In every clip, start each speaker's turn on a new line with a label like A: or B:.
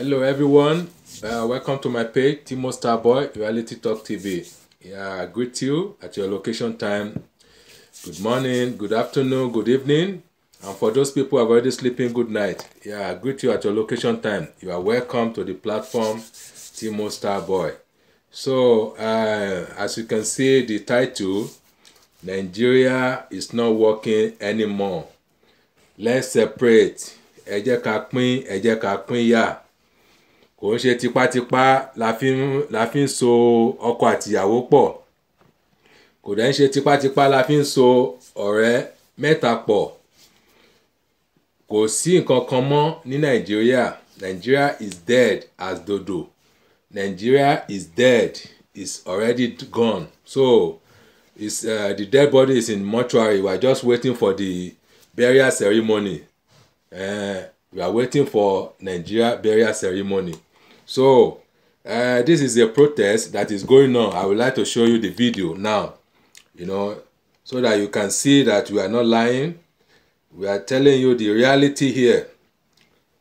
A: Hello everyone, uh, welcome to my page, Timo Starboy, Reality Talk TV. Yeah, I greet you at your location time. Good morning, good afternoon, good evening. And for those people who are already sleeping, good night. Yeah, I greet you at your location time. You are welcome to the platform, Timo Starboy. So, uh, as you can see, the title, Nigeria is not working anymore. Let's separate. Ẹ jẹ́ ká pín, ẹ jẹ́ ká pín yà. Yeah kò ń ṣe tipátipá la fi ń so ọkọ àtìyàwó pọ̀ kò dẹ̀ ń ṣe tipátipá la fi ń so ọ̀rẹ́ mẹ́ta pọ̀ kò sí nǹkan kan mọ́ ní nàìjíríà nàìjíríà is dead as dodo nàìjíríà is dead is already gone so is uh, the dead body is in mortuary we are just waiting for the burial ceremony uh, we are waiting for nigeria burial ceremony. So uh, this is a protest that is going on. I would like to show you the video now, you know, so that you can see that we are not lying. We are telling you the reality here.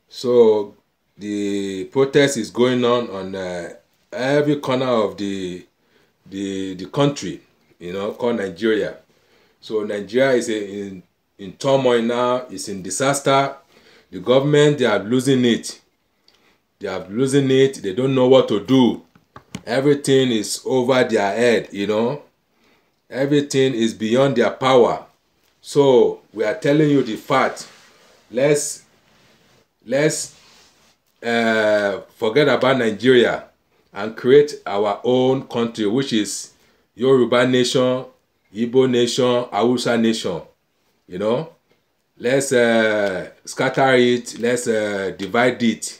A: So the protest is going on on uh, every corner of the the the country, you know, called Nigeria. So Nigeria is in in turmoil now. It's in disaster. The government they are losing it. They are losing it. They don't know what to do. Everything is over their head, you know. Everything is beyond their power. So we are telling you the fact. Let's let's uh, forget about Nigeria and create our own country, which is Yoruba nation, Igbo nation, Hausa nation. You know, let's uh, scatter it. Let's uh, divide it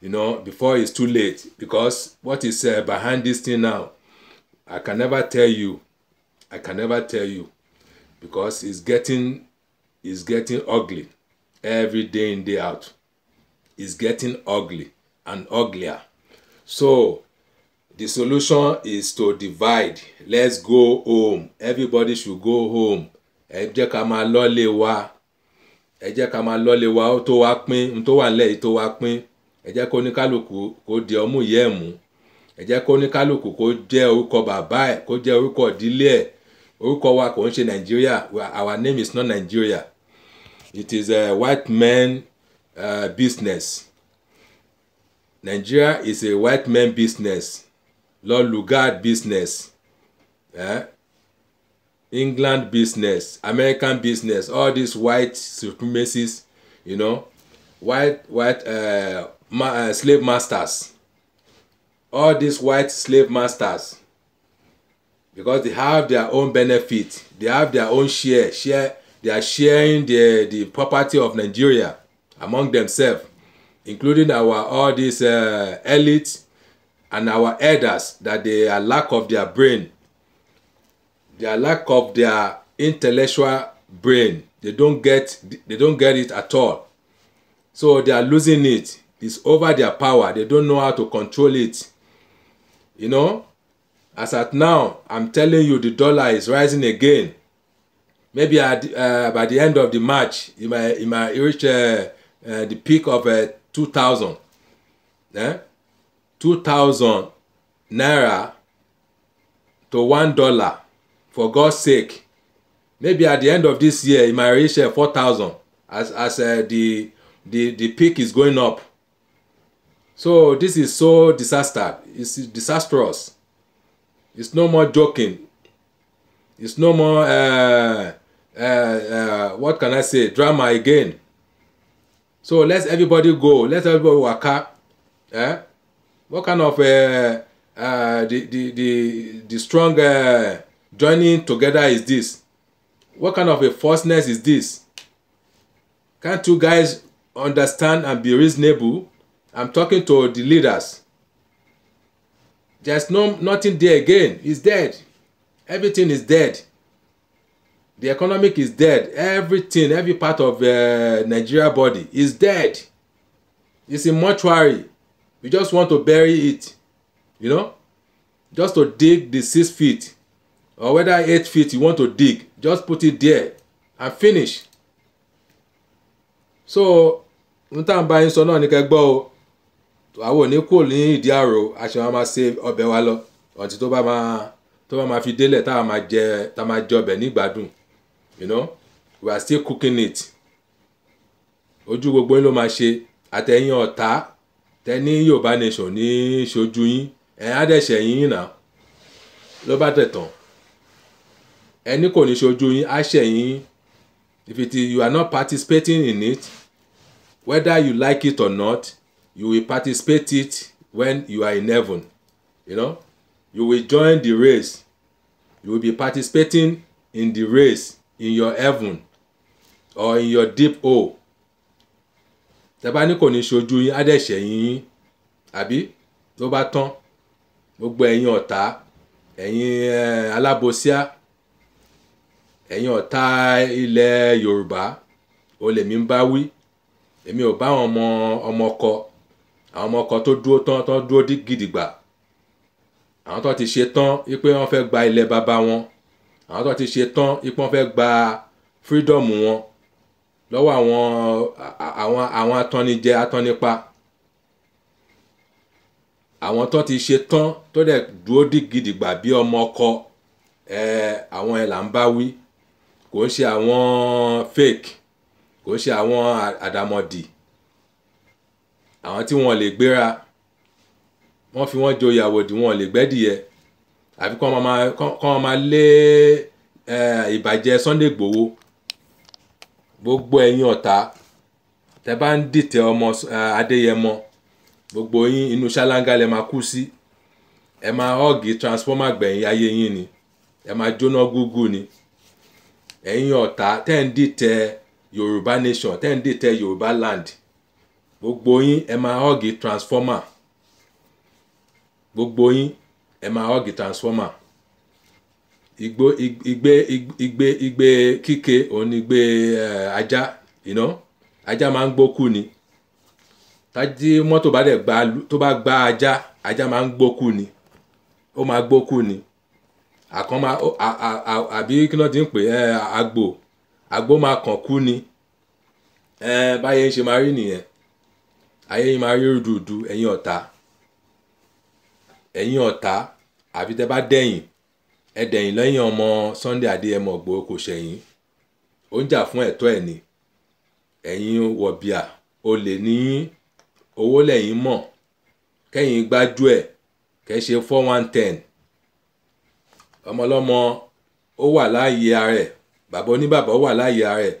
A: you know, before it's too late. Because what is uh, behind this thing now, I can never tell you. I can never tell you. Because it's getting, it's getting ugly every day in, day out. It's getting ugly and uglier. So, the solution is to divide. Let's go home. Everybody should go home. Ẹ jẹ́ ká máa lọ́lé wa. Ẹ jẹ́ ká máa lọ́lé wa ó tó wá pín. N tó wà nílẹ̀ tó wá pín ẹ jẹ́ kó ní kálukú kó di ọmú ìyá ẹ̀ mú ẹ jẹ́ kó ní kálukú kó jẹ́ orúkọ bàbá ẹ̀ kó jẹ́ orúkọ ìdílé ẹ̀ orúkọ wa kò ń ṣe Nigeria our name is not Nigeria it is a white man uh, business Nigeria is a white man business Lord Lugard business eh? England business American business all these white supremacists you know white white uh, ma uh, slave masters all these white slave masters because they have their own benefit they have their own share share they are sharing the the property of nigeria among themselves including our all these uh, elites and our elders that they are lack of their brain their lack of their intellectual brain they don't get they don't get it at all so they are losing it is over their power. They don't know how to control it. You know, as at now, I'm telling you the dollar is rising again. Maybe at, uh, by the end of the March, it might, it might reach uh, uh, the peak of uh, 2,000. Eh? 2,000 naira to one dollar for God's sake. Maybe at the end of this year, it might reach uh, 4,000 as, as uh, the, the, the peak is going up. So this is so disaster. It's disastrous. It's no more joking. It's no more, uh, uh, uh, what can I say, drama again. So let everybody go. Let everybody work up. Eh? What kind of uh, uh, the, the, the, the strong uh, joining together is this? What kind of a falseness is this? Can't you guys understand and be reasonable? I'm talking to the leaders. There's no nothing there again. It's dead. Everything is dead. The economic is dead. Everything, every part of uh, Nigeria body is dead. It's a mortuary. We just want to bury it. You know? Just to dig the six feet or whether eight feet you want to dig, just put it there and finish. So, n tá so bá yín àwọn òní kò ní ìdí àrò a ṣe máa ṣe ọbẹ̀ wa lọ ọ̀tí tó bá máa tó bá máa fi délẹ̀ tá a máa jẹ ọbẹ̀ nígbàdùn you know we are still cooking it ojú gbogbo yín ló máa ṣe àtẹ̀yìn ọ̀tá tẹ́ni yorùbá nation ní ṣojú yín ẹ̀yìn adẹ̀ṣẹ̀ yín náà ló bá tẹ̀ ẹni kò ní ṣojú yín á if it is you are not participating in it whether you like it or not you will participate it when you are in heaven you know you will join the race you will be participating in the race in your heaven or in your deep hole tẹ́bá ní kò ní ṣojú yín á dẹ̀ ṣẹ̀yìn yín àbí tó bá tán gbogbo ẹ̀yin ọ̀tá ẹ̀yin eh, alábòsíà ẹ̀yin ọ̀tá ilẹ̀ yorùbá olèmí ń bá wí èmi ò bá wọn ọmọ ọmọ kọ àwọn ọmọ kan tó dúró tán tán dúró gidigba àwọn tó ti ṣe tán wípé wọ́n fẹ́ gba ilẹ̀ bàbá wọn àwọn tó ti ṣe tán wípé wọ́n fẹ́ gba fírídọ̀mù wọn lọ́wọ́ àwọn àwọn àwọn atọ́nijẹ atọ́nipa àwọn tó ti ṣe tán tó dẹ̀ dúró gidigba bí ọmọ ọkọ àwọn ẹ̀ là ń bá wí kò ń ṣe àwọn fake kò ń ṣe àwọn àdàmọ̀dì àwọn tí wọ́n lè gbéra wọ́n fi wọ́n joyè àwòdì wọ́n lè gbẹ́dìyẹ àfi kọ́ wọn máa lé ìbàjẹ́ Sunday Igboho gbogbo ẹ̀yin ọ̀tá tẹ́ bá ń dìtẹ̀ ọmọ Adéyẹmọ gbogbo yín inú ṣáláńgá lẹ máa kú sí ẹ máa ọ̀gì transformer gbẹ̀yìn ayé yín ni ẹ máa jóná gúgú ni ẹ̀yin ọ̀tá tẹ́ ń dìtẹ̀ Yorùbá nation tẹ́ ń dìtẹ̀ Yorùbá land gbogbo yín ẹ máa họ́ọ̀gì transformer gbogbo yín ẹ máa họ́ọ̀gì transformer igbó igbe igbe igbe kíke òun ni igbe eh, ajá iná ajá máa ń gbókù ni tájí mọ́tò bá dẹ̀ gba tó bá gba ajá ajá máa ń gbókù ni ó máa gbókù ni àkàn máa àbí kí náà ti ń pè ẹ àgbò àgbò máa kàn kú ni ẹ eh, báyẹn ṣe máa rí nìyẹn ayé yìí máa rí rúdurùdu ẹ̀yin ọ̀tá ẹ̀yin ọ̀tá àfi tẹ́ bá dẹ̀yìn ẹ dẹ̀yìn lẹ́yìn ọmọ Sunday Adéyẹmọ Ìgbòho kò ṣẹ̀yìn ó ń jà fún ẹ̀tọ́ ẹ̀ ni ẹ̀yin wọ̀bìà olè ní owó lẹ́yìn mọ̀ kẹ́yìn gbájú ẹ̀ kẹ́ four one ten ọmọlọ́mọ ó wà láàyè ara ẹ̀ bàbá oníbàbá ó wà láàyè ara ẹ̀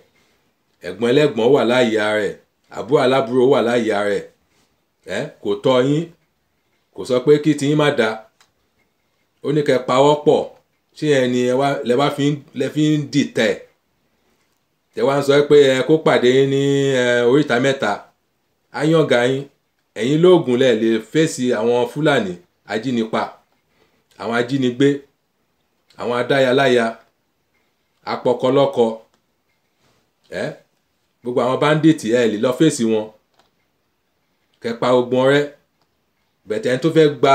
A: ẹ̀gbọ́n ẹlẹ́gbọ́n ó wà láàyè ara ẹ̀ àbúrò aláburò wà láyà rẹ̀ ẹ kò tọ́ yín kò sọ pé kí tiyín má da ó ní kẹ́ pawọ́ pọ̀ ṣé ẹni lẹ wá fi ń dìtẹ̀ tẹ wá ń sọ pé ẹ kó pàdé ní oríta mẹ́ta ayọ̀ǹgà yín ẹ̀yin lóògùn lẹ̀ lè fèsì àwọn fúlàní ajínipa àwọn ajínigbé àwọn adáyaláya apọkọlọ́kọ ẹ eh? gbogbo àwọn báńdíìtì ẹ lè lọ fèsì wọn kẹpa ogun ọrẹ bẹ̀tẹ̀ tó fẹ́ gba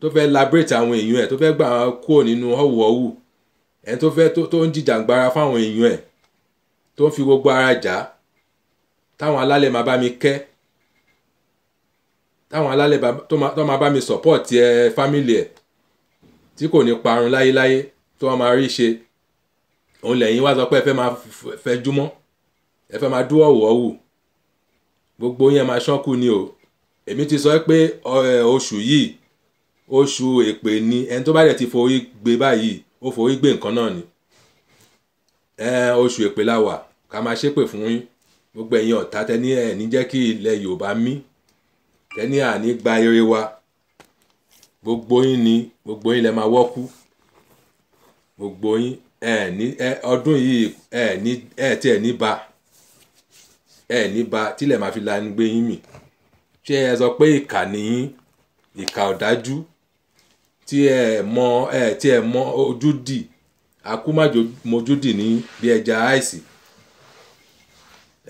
A: tó fẹ́ labrate àwọn èèyàn ẹ̀ tó fẹ́ gbà wọn kúrò nínú ọ̀wọ̀ọ̀wù ẹ̀ tó fẹ́ tó ń jìjàǹgbara fáwọn èèyàn ẹ̀ tó ń fi gbogbo ara jà táwọn alálẹ̀ máa bá mi kẹ́ táwọn alálẹ̀ tó máa bá mi support ẹ family ẹ̀ tí kò ní parun láyéláyé tó wọn máa rí ṣe òun lẹ́yìn wá sọ pé ẹ fẹ́ máa fẹjúmọ́. Fe, ẹ fẹ́ máa dúró ọ̀wọ́ wù gbogbo yẹn máa ṣánkù ni o èmi ti sọ pé oṣù yìí oṣù èpè ni ẹni tó bá dẹ̀ ti forí gbé báyìí ó forí gbé nǹkan náà ni oṣù èpè la wà ká máa ṣépè fún yín gbogbo ẹ̀yin ọ̀tá tẹ́ni ẹ̀ ní jẹ́ kí ilẹ̀ Yorùbá mí tẹ́ni àní gba eré wa gbogbo yín ni gbogbo yín lẹ máa wọ́kú gbogbo yín ẹ̀ ní ọdún yìí ẹ̀ ní ẹ̀ tí ẹ̀ ní ba ẹ ní ba tílẹ̀ máa fi lanu gbé yín mì ṣé ẹ sọ pé ìkà nìyín ìkà ọ̀dájú tí ẹ mọ ẹ tí ẹ mọ ojú dì akúmájò mojú dì ní bí ẹja àìsí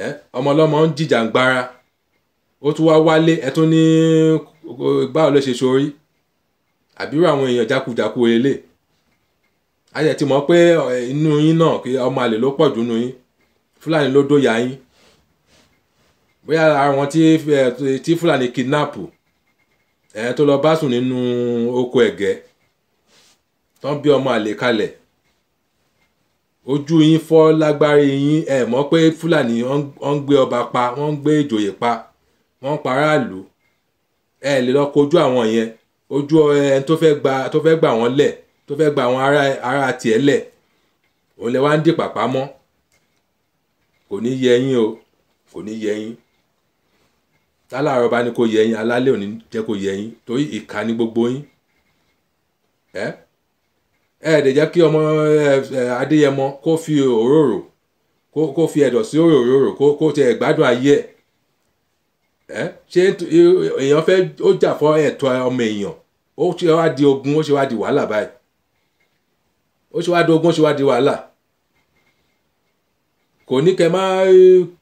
A: ẹ ọmọlọmọ ń jìjàngbara ó tún wá wálé ẹ tún ní báwo ló ṣe sórí àbírò àwọn èèyàn jákujàku eléyìí a yẹ mọ̀ pé inú yín náà ọmọ àlè ló pọ̀ jù yín fúlàní ló dóyà yín bóyá àwọn eh, tí fúlàní kidnap ẹ̀ eh, tó lọ bá sùn nínú oko ẹ̀gẹ́ tán bí ọmọ àlè kalẹ̀ ojú yín fọ́ lágbárí yín ẹ̀ mọ̀ pé fúlàní wọ́n ń gbé ọba pa wọ́n ń gbé ìjòyè pa wọ́n ń paráàlú ẹ̀ lè lọ kojú àwọn yẹn ojú eh, ẹni tó fẹ́ gba tó fẹ́ gbà wọ́n lẹ̀ tó fẹ́ gba àwọn ará ará tiẹ̀ lẹ̀ òun lẹ wá ń dì pàpà kò ní yẹ yín o kò ní yẹ yín tálàárọ̀ bá ní kó yẹ yín alálẹ̀ òní jẹ́ kó yẹ yín torí ìka ní gbogbo yín ẹ ẹ dẹ̀ jẹ́ kí ọmọ adéyẹmọ kó fi òróró kó fi ẹ̀dọ̀ sí òróró kó tiẹ̀ gbádùn ayé ẹ ṣé èèyàn fẹ́ ó jà fọ́ ẹ̀tọ́ ọmọ èèyàn ó ṣe wá di ogun ó ṣe wá di wàhálà báyìí ó ṣe wá di ogun ó ṣe wá di wàhálà kò ní kẹ́ máa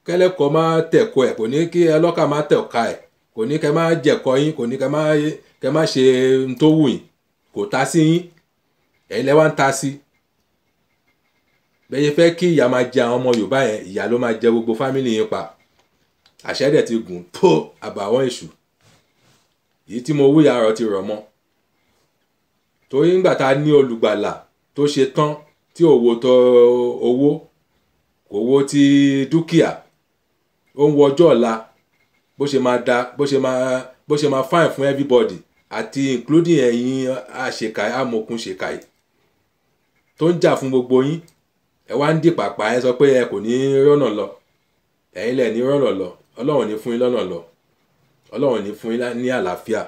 A: kẹ́lẹ́kọ̀ọ́ máa tẹ̀kọ́ ẹ̀ kò ní kí ẹlọ́kà máa tẹ̀ka ẹ̀ kò ní kẹ́ máa jẹ̀kọ́ yín kò ní kẹ́ máa kẹ́ máa ṣe tó wù yín kò ta sí yín ẹ̀yin lẹ́wà ń ta sí. bẹ́ẹ̀ yẹn fẹ́ kí ìyá máa jẹ àwọn ọmọ Yorùbá yẹn ìyá ló máa jẹ gbogbo fámìlì yín pa àṣẹ dẹ̀ ti gùn tó àbàwọ́n èṣù yìí tí mo wúyà ọ̀rọ̀ ti rọ̀ mọ́ torí ńgbà tá a ní olùgbàlà tó ṣe tán tí òwò tó owó kò wo ti dúkìá ó ń wo ọjọ́ ọ̀la bó ṣe máa da bó ṣe máa bó ṣe máa fine fún everybody àti including ẹ̀yin àṣekà amòkun ṣèkà yìí tó ń jà fún gbogbo yín ẹ wá ń dìpàpà ẹ sọ pé ẹ kò ní rọ́nà lọ ẹ̀yin lẹ̀ ní rọ́nà lọ ọlọ́run ní fún yín lọ́nà lọ ọlọ́run ní fún yín ní àlàáfíà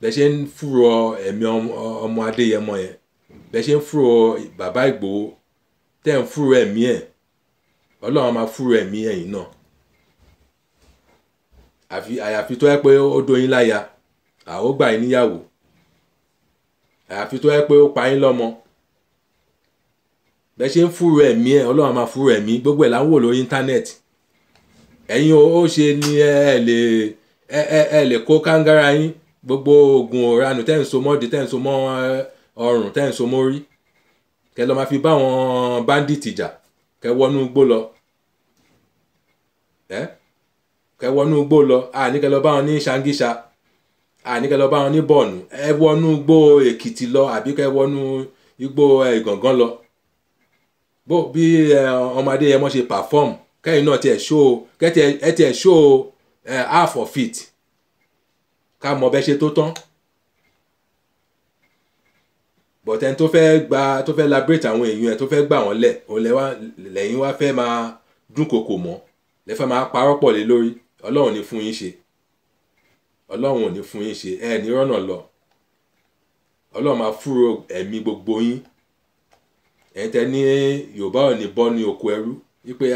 A: bẹ́ẹ̀ ṣe ń fúrò ẹ̀mí ọmọ adéyẹmọ yẹn bẹ́ẹ̀ ṣe ń fúrò bàbá ìgbòho tẹ́ ń fúru ẹ̀mí ẹ̀ ọlọ́run máa fúru ẹ̀mí ẹ̀yìn náà àfi àyàfi tó yẹ pé ó doyin láya àwọn gbà yín níyàwó àyàfi tó yẹ pé ó pa yín lọ́mọ bẹ́ ṣe ń fúru ẹ̀mí ẹ̀ ọlọ́run máa fúru ẹ̀mí gbogbo ẹ̀ là ń wò lórí íńtánẹ́ẹ̀tì ẹ̀yin ó ṣe ni ẹ lè ẹ lè kó kángára yín gbogbo oògùn ọ̀ranù tẹ́ ń so mọ́ di tẹ́ ń mọ́ ọrùn tẹ́ ń so mórí kẹ lọ́ọ́ máa fi bá àwọn báńdíìtì jà kẹ wọnú igbó lọ ẹ kẹ wọnú igbó lọ àní kẹ lọ́ọ́ bá wọn ní ṣangíṣa àní kẹ lọ́ọ́ bá wọn ní bọ̀ọ̀nù ẹ wọnú igbó èkìtì lọ àbí kẹ wọnú igbó ìgàngán lọ bó bí ọmọdé yẹn mọ́ ṣe perform kẹ́yìn náà tiẹ̀ ṣó kẹ́tiẹ̀ ṣó half of it ká mọ bẹ́ ṣe tó tán but ẹni tó fẹ́ gba tó fẹ́ labrate àwọn èèyàn ẹ̀ tó fẹ́ gbà wọ́n lẹ̀ òun lẹ́yìn wá fẹ́ máa dúnkokò mọ́ lẹ́ fẹ́ máa parọ́ pọ̀ lé lórí ọlọ́run ní fún yín ṣe ọlọ́run ò ní fún yín ṣe ẹ ní rọ́nà lọ ọlọ́run máa fúrò ẹ̀mí gbogbo yín ẹ̀yin tẹ́ ní yorùbá ò ní bọ́ ní oko ẹrú wípé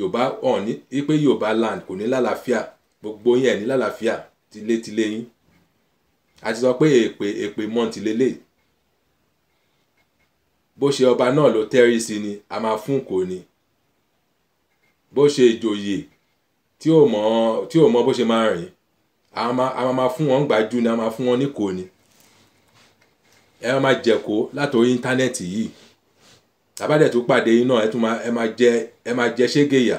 A: yorùbá ò ní wípé yorùbá land kò ní lálàáfíà gbogbo yín ẹ̀ ní lálàáfíà tilé tilé yín a ti sọ pé èpè èpè mọ́ tìlélẹ́yìí bó ṣe ọba náà ló tẹ́rí sí ni a máa fún kò ni bó ṣe ìjòyè tí ò mọ tí ò mọ bó ṣe máa rìn a máa máa fún wọn gbájú ni a máa fún wọn ní kò ni ẹ máa jẹ̀kó látòrí íńtánẹ́ẹ̀tì yìí tàbádẹ̀ pàdé iná ẹ tún máa jẹ ẹ máa jẹ ṣégeyà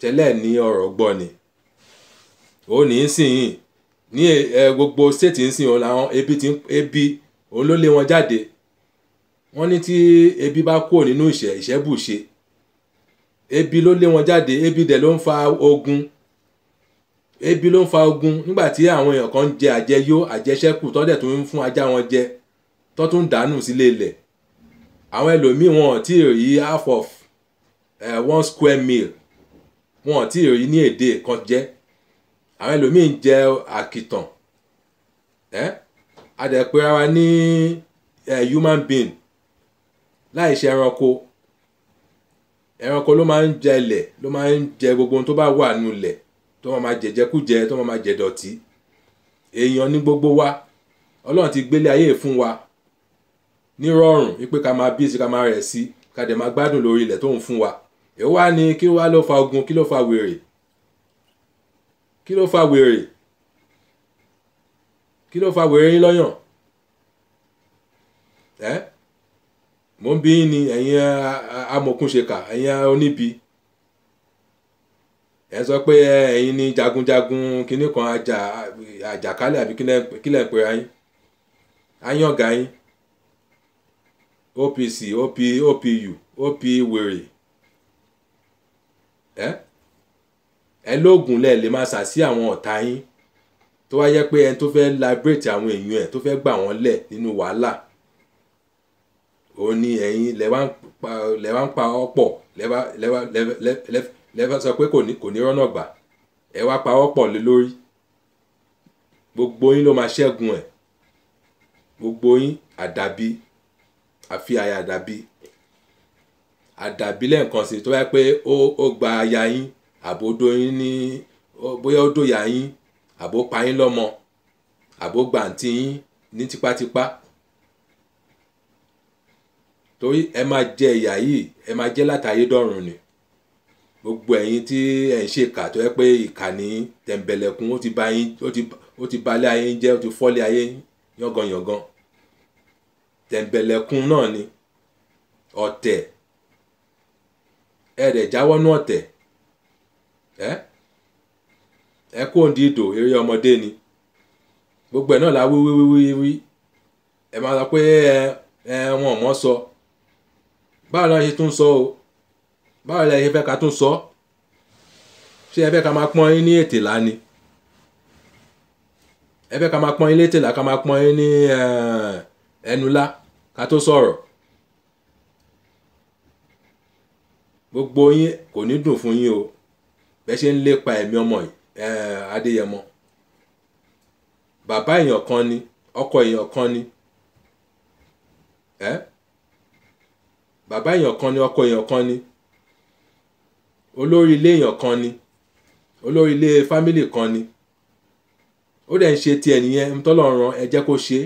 A: tẹ́lẹ̀ ní ọ̀rọ̀ gbọ́ ni ó ní sìn ní gbogbo state ń sìn òun làwọn ebi òun ló lé wọn jáde wọ́n ní tí ebi bá kúrò nínú ìṣẹ́ ìṣẹ́bùṣe ebi ló lé wọn jáde ebi dẹ̀ ló ń fa ogun ebi ló ń fa ogun nígbà tí àwọn èèyàn kan ń jẹ àjẹyó àjẹṣẹ́kù tọ́dẹ̀ tó ń fún ajá wọn jẹ tó tún dànù sílé ilẹ̀ àwọn ẹlòmíì wọn ò rí half of uh, one square meal wọn ò tí ì rí ní èdè kan jẹ àwọn ẹlòmíì ń jẹ àkìtàn ẹ eh, adẹ̀pẹ́ra wa ní eh, human being láì ẹranko ẹranko ló máa ń jẹ ilẹ̀ ló máa ń jẹ gbogbo ohun tó bá wà nù ilẹ̀ tó máa máa jẹjẹkújẹ tó máa èèyàn ní gbogbo wa ọlọ́run ti gbélé ayé fún wa nírọ̀rùn wípé ká máa bíyèsí ká máa rẹ̀ sí ká dẹ̀ máa gbádùn lórí ilẹ̀ tó ń fún wa ni kí wá fa ogun kí fa wèrè kí fa wèrè kí ló mo ń bí ní ẹ̀yin amọ̀kúnṣekà ẹ̀yin oníbi ẹ̀ sọ pé ẹ̀yin ni jagunjagun kinní kan àjàkálẹ̀ àbí kílẹ̀ pé ayín ayín ọ̀gá yín OPC OP OPU OP wèrè ẹ ẹ lóògùn lẹ lè máa sà sí àwọn ọ̀tá yín tó wá yẹ pé ẹni tó fẹ́ liberate àwọn èèyàn ẹ̀ tó fẹ́ gbà wọ́n lẹ̀ nínú wàhálà ó ní ẹ̀yin lẹ wá ń pa ọ́ pọ̀ lẹ wá sọ pé kò ní rọ́nà gbà ẹ wá pa ọ́ pọ̀ lé lórí gbogbo yín ló máa ṣẹ́gun ẹ̀ gbogbo yín àdàbí àfi àyà àdàbí àdàbí lẹ́ǹkan sí tó bá pé ó gba aya yín àbò doyin ní bóyá ó dòyà yín àbò pa yín lọ́mọ àbò gbàǹtí yín ní tipátipá torí ẹ máa jẹ ìyà yìí ẹ máa jẹ látayé dọ̀run ni gbogbo ẹ̀yin tí ẹ ń ṣe ìkà tó yẹ pé ìkà ní tẹ̀m̀bẹ̀lẹ̀kun ó ti ba yín ó ti balé ayé yín jẹ́ ó ti fọ́lé ayé yánganyàngan tẹ̀m̀bẹ̀lẹ̀kun náà ni ọ̀tẹ̀ ẹ dẹ̀ jáwọ́ nú ọ̀tẹ̀ ẹ ẹ kó òǹdí ìdò eré ọmọdé ni gbogbo ẹ̀ náà la wíwíwíwí ẹ máa sọ pé ẹ ẹ wọn ò mọ̀ sọ. So báwo la ṣe tún sọ o báwo la ṣe fẹ́ ká tún sọ ṣé ẹ fẹ́ ka máa pọ́n yín ní ni ẹ fẹ́ máa pọ́n yín máa pọ́n yín ní eh, gbogbo yín kò ní dùn fún yín o bẹ́ẹ̀ ṣe ń lépa ẹ̀mí ọmọ eh, Adéyẹmọ bàbá èèyàn kan ni ọkọ èèyàn kan ni Eh? bàbá èèyàn kan ni ọkọ èèyàn kan ni olórí ilé èèyàn kan ni olórí ilé fámìlì kan ni ó dẹ̀ ń ṣe tiẹ̀ nìyẹn ń tọ́lọ̀ ran ẹ jẹ́ kó ṣe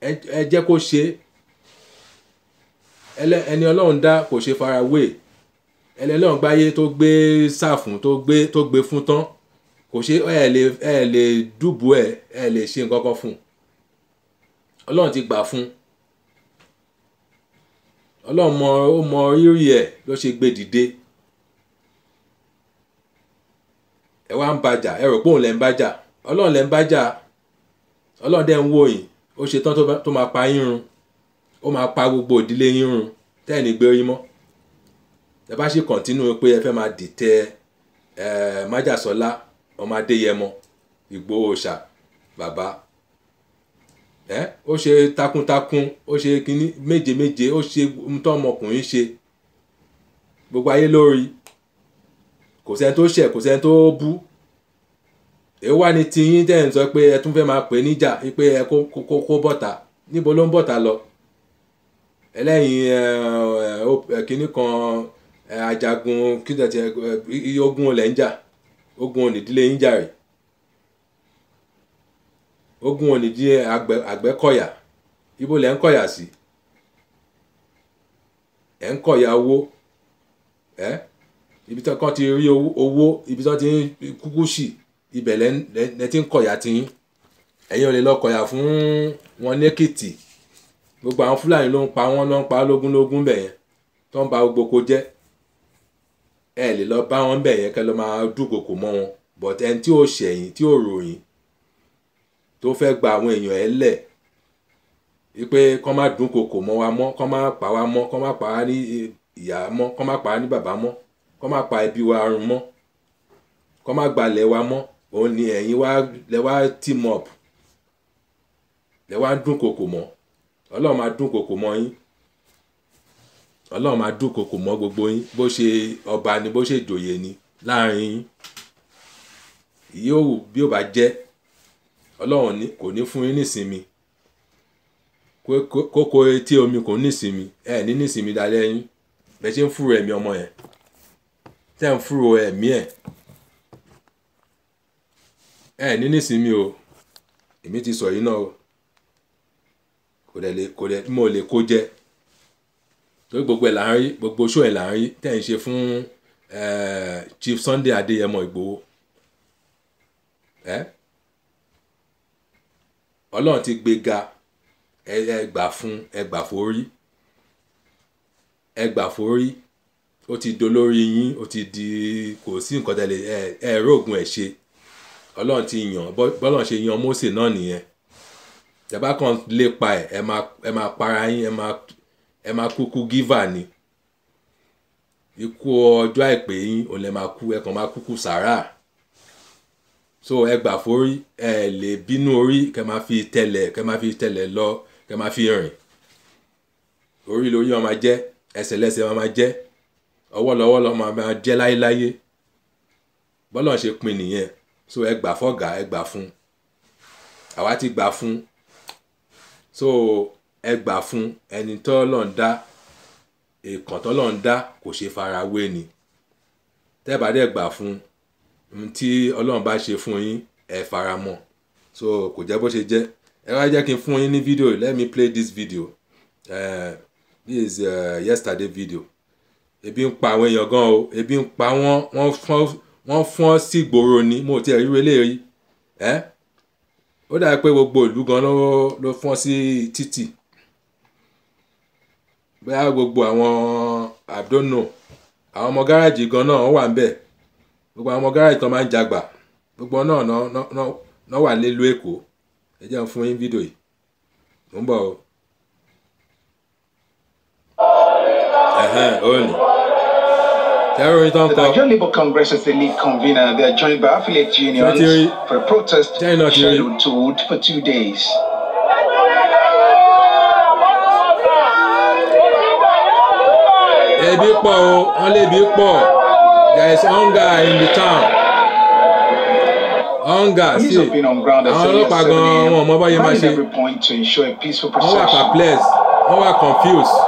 A: ẹ jẹ́ kó ṣe ẹni ọlọ́run dá kò ṣe farawé ẹlẹ́lọ́run gbáyé tó gbé sáfún tó gbé tó gbé fún tán kò ṣe ẹ lè ẹ lè dùbò ẹ ẹ lè ṣe nǹkan kan fún un ọlọ́run ti gbà fún un ọlọ́run mọ ó mọ rírì ẹ̀ ló ṣe gbé dìde ẹ wá ń bàjà ẹ rò pé òun lẹ̀ ń bàjà ọlọ́run lẹ̀ ń ọlọ́run pa yín ó pa gbogbo ìdílé yín run gbé mọ́ ẹ bá ṣe kọ̀ntínú pé ẹ fẹ́ máa ẹ ọmọ adéyẹmọ ìgbòho ṣà bàbá ó ṣe takuntakun ó ṣe kínní méje méje ó ṣe ntọ́ ọmọkùnrin ṣe gbogbo ayé lórí kò sẹ́ni tó ṣẹ̀ kò sẹ́ni tó bú èyí wá ní tiyín tẹ̀ ń sọ pé ẹ tún fẹ́ máa pè níjà pé ẹ kó kó kó níbo ló ń lọ kan ajagun kí ni ogun olè ń ogun olè ìdílé ogun òní jí àgbẹ̀kọ̀yà ibo lẹ́ ń kọ̀yà sí ẹ̀ ń kọ̀yà owó ẹ́ ibi tí wọ́n ti rí owó ibi tí wọ́n ti ń kúkú sí ibẹ̀ lẹ́ ti ń kọ̀yà tiyín ẹ̀yin ò lè lọ kọ̀yà fún wọn lẹ́kìtì gbogbo àwọn fúlàní ló ń pa wọ́n ló ń pa lógún lógún bẹ̀yẹn tó ń ba gbogbo ko jẹ́ ẹ lè lọ bá wọn bẹ̀yẹn kẹ́ ló máa dúnkokò mọ́ wọn but ẹni tí ò ṣẹ̀yìn tí ò ròyìn tó fẹ́ gba àwọn èèyàn ẹ̀ lẹ̀ wípé kọ́ má dún kòkò mọ́ wa mọ́ kọ́ má pa wa mọ́ kọ́ má pa wa ní eh, ìyá mọ́ kọ́ má pa wa ní bàbá mọ́ kọ́ má pa ẹbí wa run mọ́ kọ́ má gbalẹ̀ wa mọ́ òun ni ẹ̀yin wa lẹ wá team up lẹ wá dún kòkò mọ́ ọlọ́run máa dún kòkò mọ́ yín ọlọ́run máa dún kòkò mọ́ gbogbo yín bó ṣe ọba ni bó ṣe ìjòyè ni láàrin yín yóò bí ó bá jẹ́ ọlọ́run ní kò ní fún yín nísinmi kókó etí omi kò nísinmi ẹ ní nísinmi dalẹ́ yín bẹ́ẹ̀ ṣe ń fúru ẹ̀mí ọmọ yẹn tẹ́ ń fúru ẹ̀mí ẹ̀ ẹ ní nísinmi o èmi ti sọ yìí náà o kò dẹ̀ lè kò dẹ̀ mo lè kó jẹ torí gbogbo ẹ̀ là ń rí gbogbo ṣó ẹ̀ là ń rí tẹ́ ń ṣe fún Chief Sunday Adéyẹmọ Ìgbòho ẹ́ eh? ọlọ́run ti gbé ga ẹ gbà fún ẹ gbà forí ẹ gbà forí ó ti dolórí yín ó ti di kò sí nǹkan tẹ́lẹ̀ ẹ ẹ róògùn ẹ̀ ṣe ọlọ́run ti yàn bọ́lọ́run ṣe yan Mósè náà nìyẹn tẹ́bá kan lépa ẹ̀ ẹ máa ẹ máa para yín ẹ máa ẹ máa kúkú gíva ni ikú ọjọ́ àìpé yín òun lè máa kú ẹ kàn máa kúkú sàárà so ẹ gbà forí ẹ lè bínú orí kẹ máa fi tẹ̀lẹ̀ kẹ máa fi tẹ̀lẹ̀ lọ kẹ máa fi rìn orí lórí máa jẹ ẹsẹ̀ lẹ́sẹ̀ máa jẹ ọwọ́ lọ́wọ́ lọ máa jẹ láyéláyé bọlọ ṣe pin nìyẹn so ẹ gbà fọgà ẹ gbà fún àwa ti gbà fún so ẹ gbà fún ẹni tọ́lọ̀ ń dá èèkàn tọ́lọ̀ ń dá kò ṣe fara wé ni tẹ́ẹ̀bà dẹ̀ gbà fún tí ọlọ́run bá ṣe fún yín ẹ fara mọ́ so kò jẹ́ bó ṣe jẹ́ ẹ wá jẹ́ kí n fún yín ní fídíò let me play this video uh, this is uh, yesterday video ebi ń pa àwọn èèyàn gan o ebi ń pa wọ́n wọ́n fọ́n wọ́n fọ́n sí gbòòrò ni mo ti rí eléyìí ẹ́ eh? ó dàbí pé gbogbo ìlú gan ló ló fọ́n sí títì bóyá gbogbo àwọn I don't know àwọn ọmọ gáràjì gan náà wà ń bẹ̀ gbogbo àwọn ọmọ gáràjì máa ń jagbà gbogbo náà náà wà nílùú èkó ẹ jẹ́ fún yín fídíò yìí mò ń bọ̀ o. òní. Terrorism the Nigerian Labour Congress is the lead convener. They are joined by affiliate unions for a protest scheduled to hold for two days. Ebi There is hunger in the town. Hunger sí. Àwọn ọlọ́pàá gan-an wọn ò mọ báyé máa ṣe. Wọ́n wà perplexed. Wọ́n wà confused.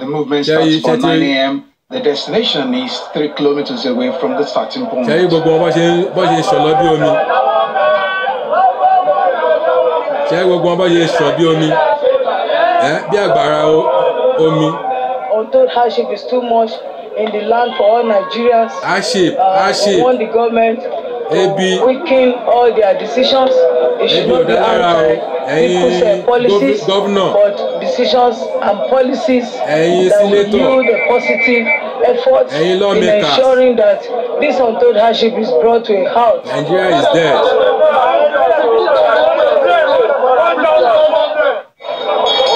A: The movement starts from 9 a.m. The destination is three kilometers away from the starting point. Ṣé gbogbo wọn bá ṣe bá ṣe ṣọ̀lọ́ bí omi? Ṣé gbogbo wọn bá ṣe ṣọ̀ bí omi? Ẹ bí àgbàrá omi. Although hardship is too much. in the land for all Nigerians. I uh, We want the government ebi weaken all their decisions. It should not be anti-people's policies governor. but decisions and policies Eyin that will yield a positive effort in ensuring that this untold hardship is brought to a halt. Nigeria is dead.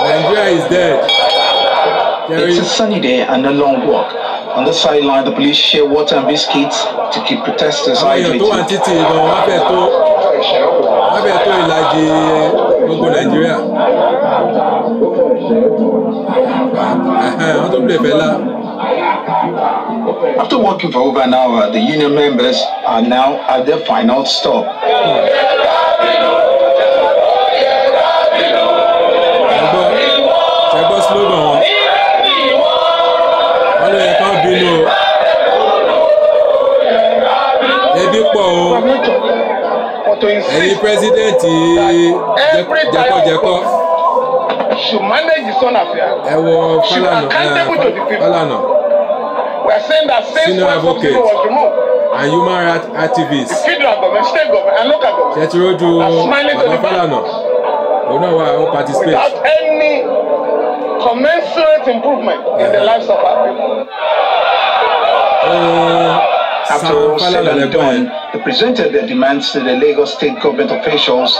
A: Nigeria is dead. There it's is... a sunny day and a long walk. On the sideline, the police share water and biscuits to keep protesters hydrated. àwọn èèyàn tó wà títì lọ wọ́n fẹ́ tó wọ́n fẹ́ tó ìlàjì gbogbo After working for over an hour, the union members are now at their final stop. Yeah. Hmm. gidi pọ̀ o ẹ̀yin pẹ́sidẹ́ǹtì jẹ́kọ̀jẹ́kọ̀ she manage his own affair. ẹ wọ Falana ẹ Falana. we are saying that since one from zero removed. and human rights activists. the federal government state government and local government. ṣètìrọ́jú bàbá Falana òun náà wà ó participate. without any commensurate improvement uh in the lives of our people. Uh, After Senator they presented their demands to the Lagos state government officials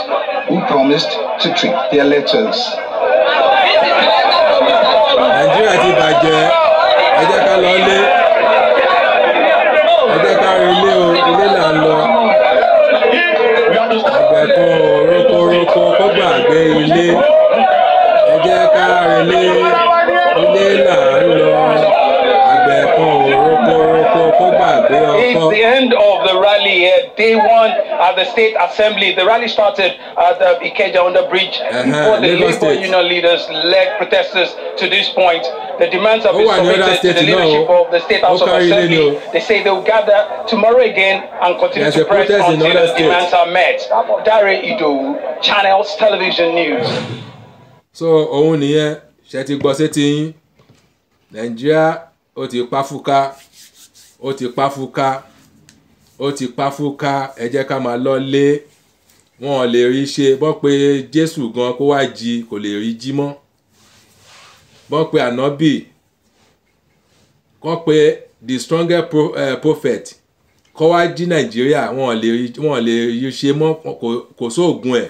A: who promised to treat their letters. Nàìjíríà ti bàjẹ́, ẹ ká lọ lé, ẹ ká rí ilé o, ilé là lọ. Àgbẹ̀ kan kó gbàgbé ilé, ẹ ká rí ilé. the end of the rally day one at the State Assembly. The rally started at the uh, Ikeja on the bridge uh-huh. before the Labour, Labour Union leaders led protesters to this point. The demands have been submitted to the leadership of the State House okay, of Assembly. They say they will gather tomorrow again and continue There's to press until the states. demands are met. Dare Ido, Channels Television News. so òun nìyẹn ṣe ti gbọ́ sétí yín ó ti pa fúka. ó ti páfúká ẹ jẹ́ ká máa lọ lé wọn ò lè rí ṣe bọ́ pé jésù gan kó wá jí kò lè rí jí mọ́ bọ́ pé ànábì kọ́ pé the strongest pro, uh, prophet kọ́ wá jí nàìjíríà wọn ò lè rí wọn ò lè rí ṣe mọ́ kò sóògùn ẹ̀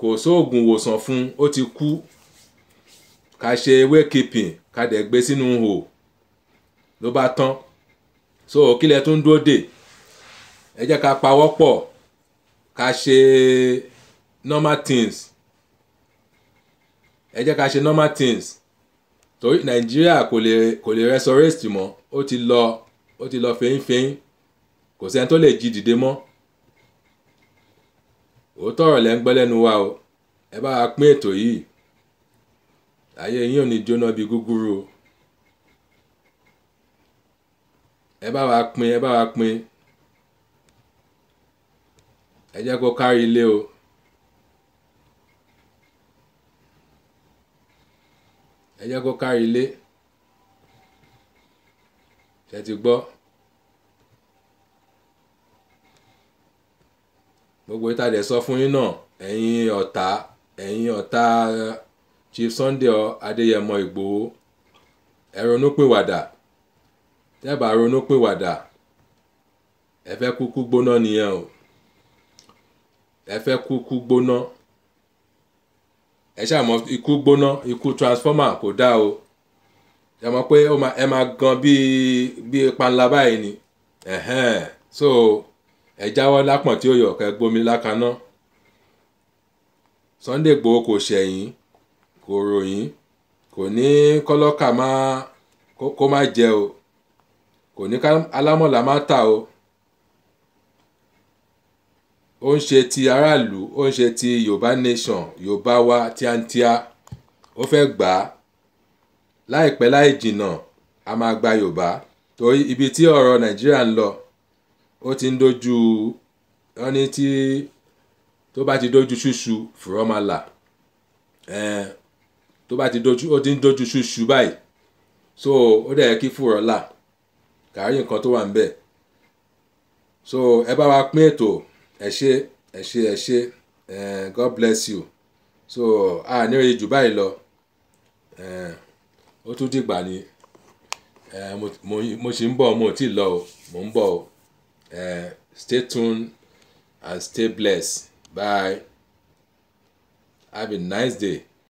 A: kò sóògùn ìwòsàn fún ó ti kú ká ṣe wake keeping ká dẹ̀ gbé sínú hò ló bá tán. so kílẹ̀ tó ń dúró dè ẹ jẹ́ ká pawọ́ pọ̀ ká ṣe normal things ẹ jẹ́ ká ṣe normal things torí nàìjíríà kò lè kò lè resurrect mọ́ ó ti lọ ó ti lọ fẹ́yìnfẹ́yìn kò sẹ́ni tó lè jí dìde mọ́ òótọ́ ọ̀rọ̀ lẹ́ ń gbọ́ lẹ́nu wa o ẹ bá wa pín ètò yìí ayé yín ò ní jóná bíi gúgúrú o. ẹ bá wa pín ẹ bá wa pín ẹ jẹ́ kó kárí ilé o. ẹ jẹ́ kó kárí ilé ṣe ti gbọ́ gbogbo ìtàdé sọ fún yín náà ẹ̀yin ọ̀tá ẹ̀yin ọ̀tá Chief Sunday Adéyẹmọ Ìgbòho ẹ ronú pìwàdà tẹ́ bá ronú pìwàdà ẹ fẹ́ kúkú gbóná nìyẹn o ẹ fẹ́ kúkú gbóná ẹ ṣàmọ́ ikú gbóná ikú transformer kò dáa o ẹ mọ̀ pé ẹ máa gan bíi bíi panla báyìí ni ẹ̀hẹ́n so ẹ jáwọ́ lápọ̀n tí ó yọ̀ kẹ́ gbómi lákaná Sunday Igboho kò ṣẹ̀yìn kò ròyìn kò ní kọ́lọ́kà má kó má jẹ o kò ní ká alámọ̀lá má tà o ó ń ṣe ti aráàlú ó ń ṣe ti yorùbá nation yorùbá wa tíátíá ó fẹ́ gbà á láìpẹ́ láì jìnnà a máa gba yorùbá torí ibi tí ọ̀rọ̀ nàìjíríà ń lọ ó ti ń dojú wọn ní tí tó bá ti dojú ṣúṣu fùrọ́màlà tó bá ti dojú ó ti ń dojú ṣúṣu báyìí so ó dẹ̀ kí fùrọ̀ là kàárí nǹkan tó wà ń bẹ̀ so ẹ bá wa pín ètò ẹ ṣé ẹ ṣé ẹ ṣé eh, God bless you so a ní oye jù báyìí lọ eh, ó tún dìgbà ni eh, mo ṣì ń bọ̀ mo ti lọ o mo ń bọ̀ o stay tuned and stay blessed bye have a nice day.